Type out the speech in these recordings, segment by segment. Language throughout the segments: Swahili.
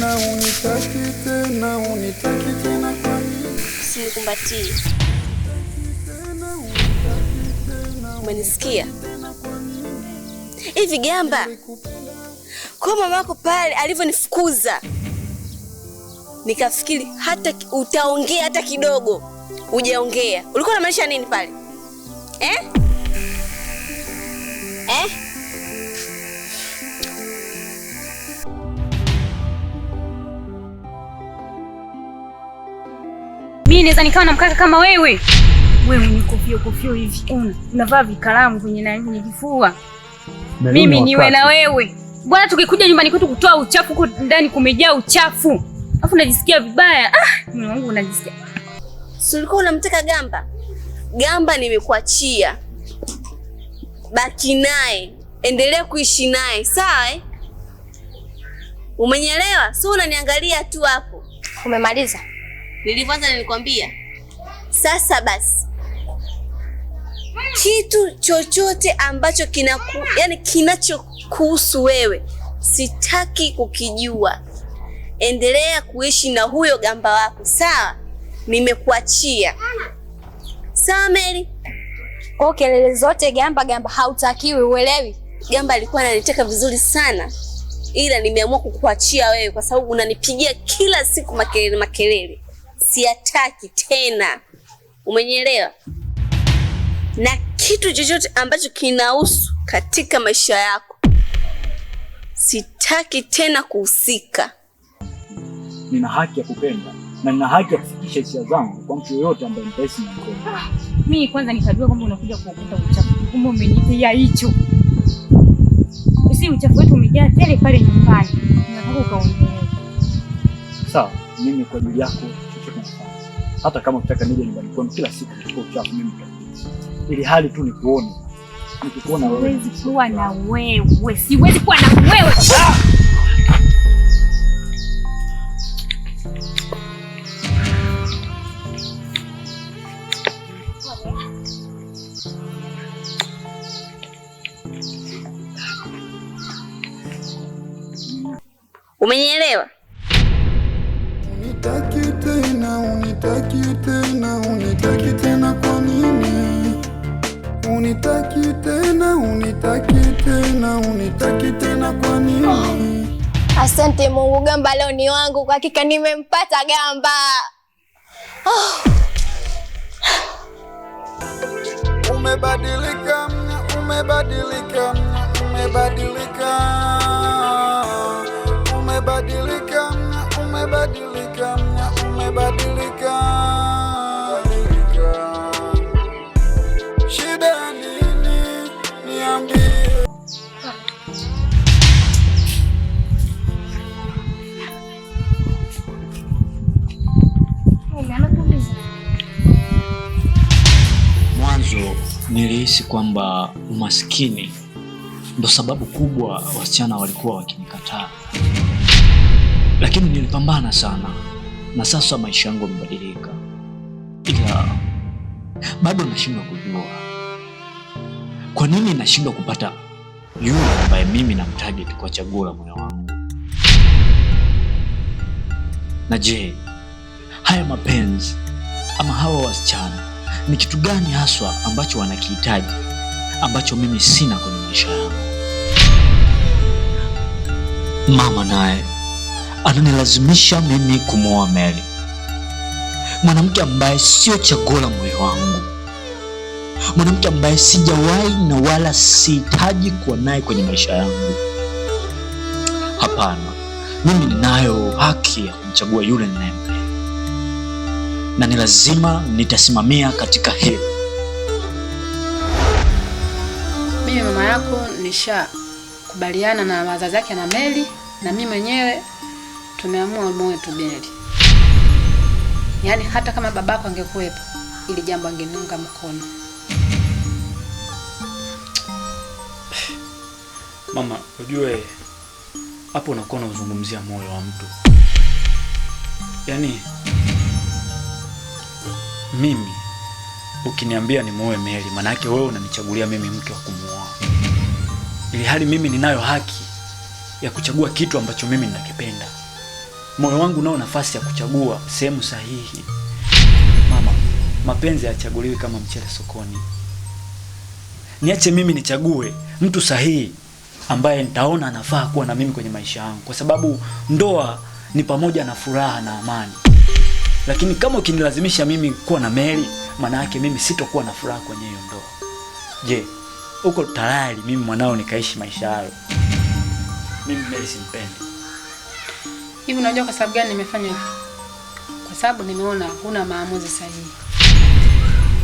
tena, unitaki tena, unitaki tena kwa nini? Umenisikia? Hivi gamba, kwa mamako pale alivyonifukuza nikafikiri hata utaongea hata kidogo, ujaongea. Ulikuwa unamaanisha nini pale eh? Eh? mimi naweza nikawa na mkaka kama wewe. Wewe ni kofio kofio hivi. Una unavaa vikalamu kwenye na kwenye kifua. Mimi niwe na wewe. Bwana tukikuja nyumbani kwetu kutoa uchafu huko ndani kumejaa uchafu. Alafu najisikia vibaya. Ah, mimi wangu unajisikia. Si ulikuwa Gamba? Gamba nimekuachia. Baki naye. Endelea kuishi naye. Sawa eh? Umenyelewa? Si unaniangalia tu hapo. Umemaliza? Nilivyoanza nilikwambia. Sasa basi kitu chochote ambacho kinaku, yani kinachokuhusu wewe sitaki kukijua. Endelea kuishi na huyo gamba wako, sawa? Nimekuachia. Sawa Mary? Kwa kelele zote gamba gamba hautakiwi, uelewi? Gamba alikuwa ananiteka vizuri sana, ila nimeamua kukuachia wewe kwa sababu unanipigia kila siku makelele makelele siataki tena, umenyelewa Na kitu chochote ambacho kinahusu katika maisha yako sitaki tena kuhusika. Nina haki ya kupenda na nina haki ya kufikisha hisia zangu kwa mtu yoyote ambaye nitaishi na mimi ah, kwanza nikajua kwamba unakuja kuokota uchafu, kumbe umenitia hicho. Si uchafu wetu umejaa tele pale nyumbani, nataka ukaondoe. Sawa, mimi kwa ajili yako hata kama ukitaka nije nyumbani kwenu kila siku nitakuwa uchafu mimi, ili hali tu nikuone, nikikuona wewe. Siwezi kuwa na wewe, siwezi kuwa na wewe. Umenielewa? Unitaki tena, unitaki tena kwa nini? Unitaki tena, unitaki tena, unitaki tena kwa nini? Oh, asante Mungu, gamba leo ni wangu kwa hakika, nimempata gamba. Oh. Umebadilika, umebadilika, umebadilika, umebadilika, umebadilika kwamba umaskini ndo sababu kubwa wasichana walikuwa wakinikataa, lakini nilipambana sana na sasa maisha yangu yamebadilika, ila bado nashindwa kujua kwa nini nashindwa kupata yule ambaye mimi namtarget kwa chaguo la moyo wangu. Na je, haya mapenzi ama hawa wasichana ni kitu gani haswa ambacho wanakihitaji ambacho mimi sina kwenye maisha yangu. Mama naye ananilazimisha mimi kumwoa Mary, mwanamke ambaye sio chaguo la moyo wangu, mwanamke ambaye sijawahi na wala sihitaji kuwa naye kwenye maisha yangu. Hapana, mimi ninayo haki ya kumchagua yule ninayempenda na ni lazima nitasimamia katika hili. Mimi mama yako nishakubaliana na wazazi wake na Meli na mimi mwenyewe tumeamua moyo tu Meli. Yaani hata kama babako angekuwepo, ili jambo angeniunga mkono. Mama, ujue hapo unakuwa unazungumzia moyo wa mtu, yaani mimi ukiniambia nimuoe meli maana yake wewe unanichagulia mimi mke wa kumuoa, ili hali mimi ninayo haki ya kuchagua kitu ambacho mimi ninakipenda. Moyo wangu nao nafasi ya kuchagua sehemu sahihi. Mama, mapenzi hayachaguliwi kama mchele sokoni. Niache mimi nichague mtu sahihi ambaye nitaona anafaa kuwa na mimi kwenye maisha yangu, kwa sababu ndoa ni pamoja na furaha na amani lakini kama ukinilazimisha mimi kuwa na meli maana yake mimi sitokuwa na furaha kwenye hiyo ndoa. Je, uko tayari mimi mwanao nikaishi maisha hayo? Mimi meli simpendi. Hivi unajua kwa sababu gani nimefanya hivyo? Kwa sababu nimeona huna maamuzi sahihi.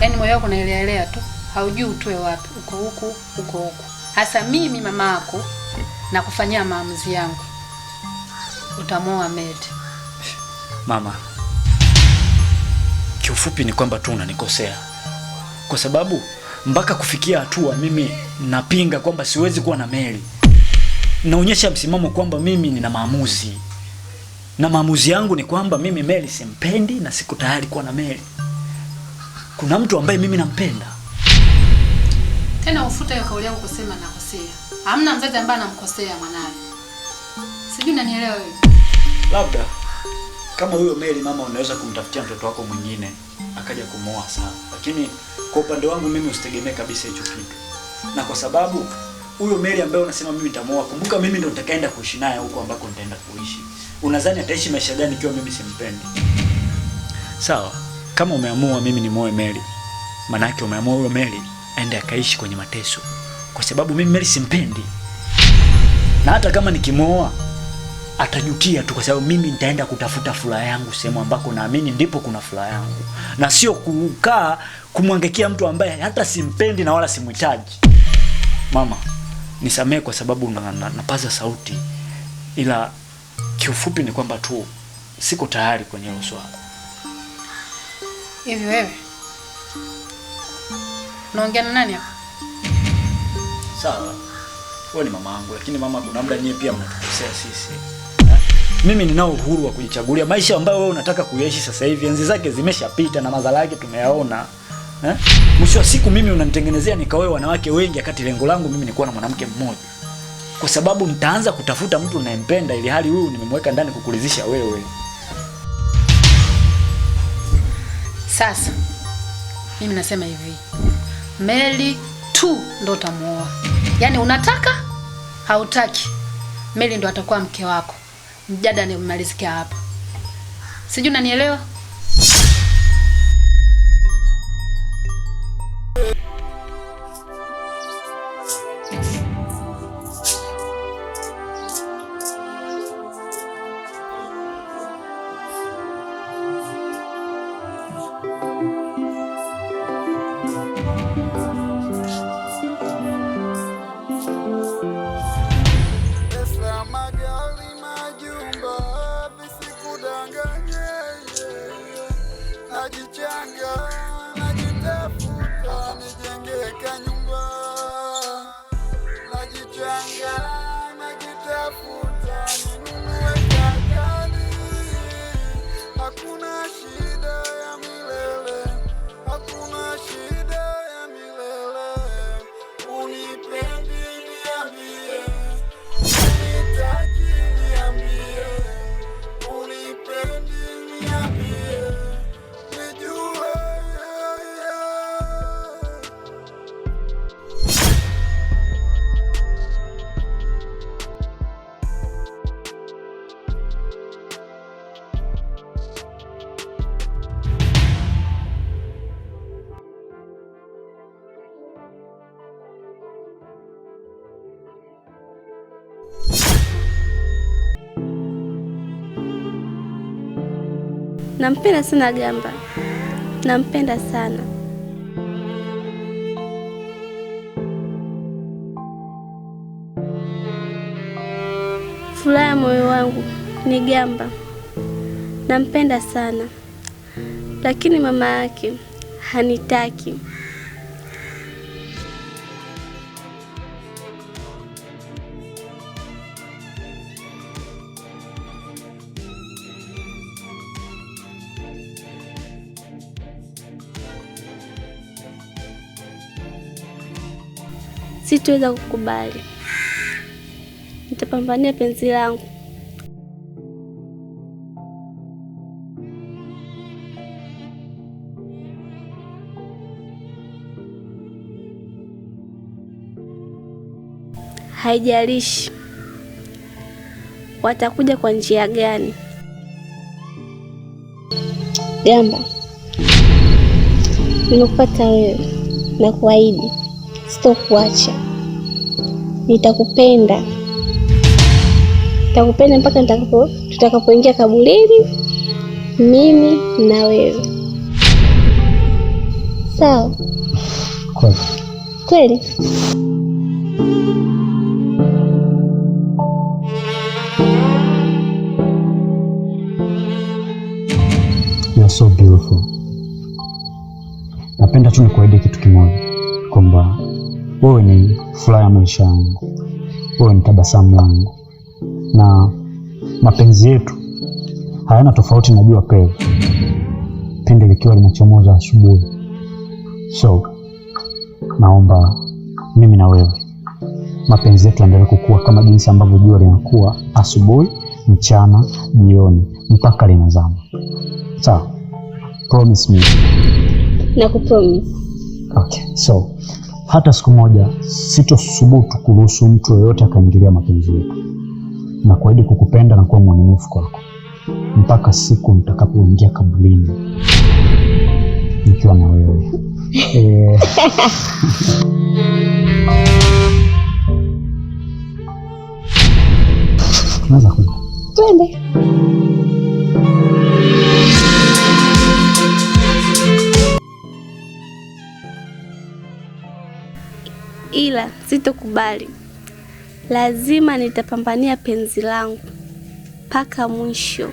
Yaani moyo wako unaeleaelea tu, haujui utoe wapi, uko huku, uko huku. Hasa mimi mama yako na kufanyia maamuzi yangu. Utamoa meli Mama, Kiufupi ni kwamba tu unanikosea, kwa sababu mpaka kufikia hatua mimi napinga kwamba siwezi kuwa na meli Naonyesha msimamo kwamba mimi nina maamuzi na maamuzi yangu ni kwamba mimi meli simpendi na siko tayari kuwa na meli Kuna mtu ambaye mimi nampenda. Tena ufuta hiyo kauli yangu kusema nakosea. Hamna mzazi ambaye anamkosea mwanawe. Sijui unanielewa wewe. Labda kama huyo Mary mama, unaweza kumtafutia mtoto wako mwingine akaja kumoa sana lakini kwa upande wangu mimi usitegemee kabisa hicho kitu, na kwa sababu huyo Mary ambaye unasema mimi nitamoa, kumbuka mimi ndo nitakaenda kuishi naye huko ambako nitaenda kuishi. Unadhani ataishi maisha gani ikiwa mimi simpendi? Sawa, kama umeamua mimi nimoe Mary, maana yake umeamua huyo Mary aende akaishi kwenye mateso, kwa sababu mimi Mary simpendi, na hata kama nikimoa atajutia tu, kwa sababu mimi nitaenda kutafuta furaha yangu sehemu ambako naamini ndipo kuna furaha yangu, na sio kukaa kumwangekia mtu ambaye hata simpendi na wala simhitaji. Mama nisamehe kwa sababu na, na, sauti, ila kiufupi ni kwamba tu siko tayari kwenye hilo swala. Hivi wewe unaongea na nani hapa? Sawa, wewe ni mama yangu, lakini mama, kuna muda nyie pia mnatukosea sisi. Mimi ninao uhuru wa kujichagulia maisha ambayo wewe unataka kuyaishi sasa hivi. Enzi zake zimeshapita na madhara yake tumeyaona. Eh? Mwisho wa siku mimi unanitengenezea nikaoe wanawake wengi wakati lengo langu mimi ni kuwa na mwanamke mmoja. Kwa sababu nitaanza kutafuta mtu ninayempenda ili hali huyu nimemweka ndani kukulizisha wewe. Sasa mimi nasema hivi. Meli tu ndo utamuoa. Yaani unataka hautaki. Meli ndo atakuwa mke wako mjada nimalizikia hapa, sijui unanielewa. Nampenda sana Gamba, nampenda sana. Furaha ya moyo wangu ni Gamba, nampenda sana, lakini mama yake hanitaki. sitoweza kukubali. Nitapambania penzi langu. Haijalishi watakuja kwa njia gani. Gamba, nimekupata wewe na kuahidi sitokuacha nitakupenda, nitakupenda mpaka nitakapo tutakapoingia kaburini, mimi na wewe. Sawa? Kweli? So beautiful. Napenda tu nikuahidi kitu kimoja kwamba wewe ni furaha ya maisha yangu, wewe ni tabasamu langu, na mapenzi yetu hayana tofauti na jua pele pindi likiwa linachomoza asubuhi. So naomba mimi na wewe mapenzi yetu yaendelee kukua kama jinsi ambavyo jua linakuwa asubuhi, mchana, jioni, mpaka linazama. Sawa, promise me. kupromise. Okay, so hata siku moja sitosubutu kuruhusu mtu yoyote akaingilia mapenzi yetu, na kuahidi kukupenda na kuwa mwaminifu kwako mpaka siku nitakapoingia kaburini nikiwa na wewe. E... Eh. tunaweza kwenda, twende. ila sitokubali. Lazima nitapambania penzi langu mpaka mwisho.